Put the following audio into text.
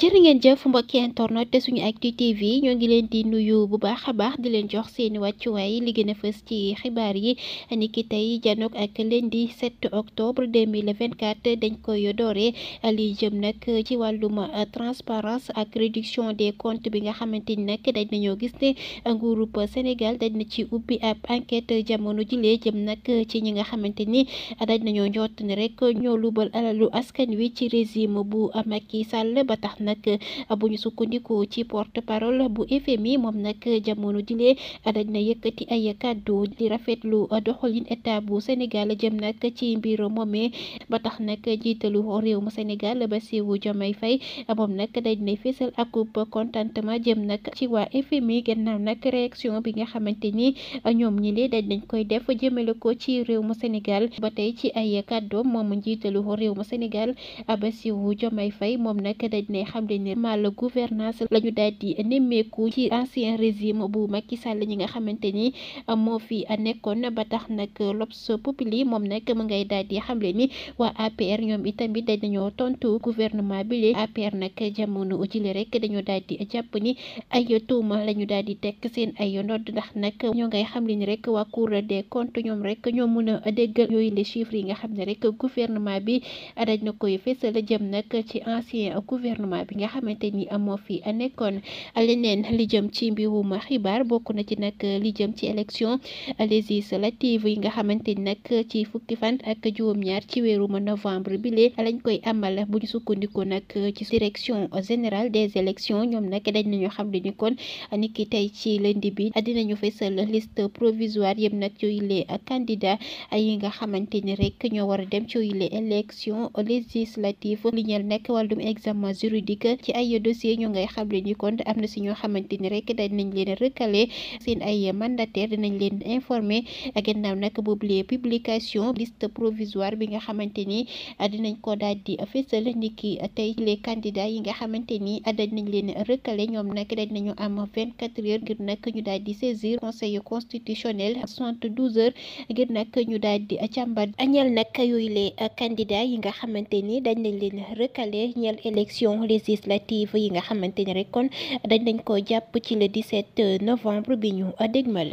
jërë ngeen jëf mbokki internet te suñu actu tv ñoo ngi leen di nuyu bu baax a baax di leen jox seeni wàccuwaay li gën a fës ci xibaar yi niki tey janook ak lundi 7 octobre 2024 dañ koy doore li jëm nag ci wàllum transparence ak réduction des comptes bi nga xamante ni nag dañ nañoo gis ne nguurub Sénégal dañ na ci ubbi ab enquête jamono jilee jëm nag ci ñi nga xamante ni dañ nañoo njort ni rek ñoo lubal alalu askan wi ci régime bu Macky Sall ba tax nag eh, bu ñu sukkandiku ci porte parole bu FMI moom nag eh, jamono jile eh, dañ na yëkkati ay kàddu di rafetlu doxalin état bu Sénégal jëm nag ci mbir moomee ba tax nag jiitalu réew mu Sénégal Bassirou Diomaye Faye moom nag dañ na fésal akub contentement jëm nag ci waa FMI gannaaw nag réaction bi nga xamante ni ñoom ñi lee dañ nañ koy def jëmale ko ci réew mu Sénégal ba tey ci ay kàddoom moom njiitalu réew mu Sénégal Bassirou Diomaye Faye moom xamle ni mal gouvernance la ñu daal di nemmeeku ci ancien régime bu Macky Sall ñi nga xamante ni euh, moo fi nekkoon ba tax nag l'Obs Populi moom nag mu ngay daal xamle ni waa APR ñoom itamit bi le APR nag jamono jile rek dañoo daal di jàpp ni ay tuuma la ñu daal di teg seen ay ndodd ndax nag ñoo ngay xamle ni rek waa Cour des comptes ñoom rek ñoo mun a déggal yooyu yi nga xam ne rek gouvernement bi dañ na koy fésal jëm nag ci ancien gouvernement bi nga xamante ni moo a nekkoon leneen li ci mbirum xibaar bokk na ci nag li jëm ci élection législative yi nga xamante ni nag ci fukki fan ak juróom-ñaar ci weerum novembre bi lee lañ koy amal bu ñu sukkandiku nag ci direction générale des élections ñoom nak dañ nañu xam li ñu kon ni ki tey ci lundi bi dinañu fësal liste provisoire yëpp nag yooyu les candidats yi nga xamante ni rek ñoo war a dem ci yooyu les élections que ci ay dossier ñu ngay xamle ni kon am na si ñoo xamante ni rek dinañ leen recalé seen ay mandataire dinañ leen informé bi nga xamante ni dinañ ko daal di fésal ni ki tey les candidats yi ni dañ nañ leen recalé ñoom nag dañ nañu ñu daal di saisir conseil constitutionnel soixante douze heures ngir nag ñu daal di yi nga xamante ni dañ nañ leen recalé ñeel élection législative yi nga xamante ni rek kon dañ nañ ko jàpp ci le 17 novembre bi ñu dégmal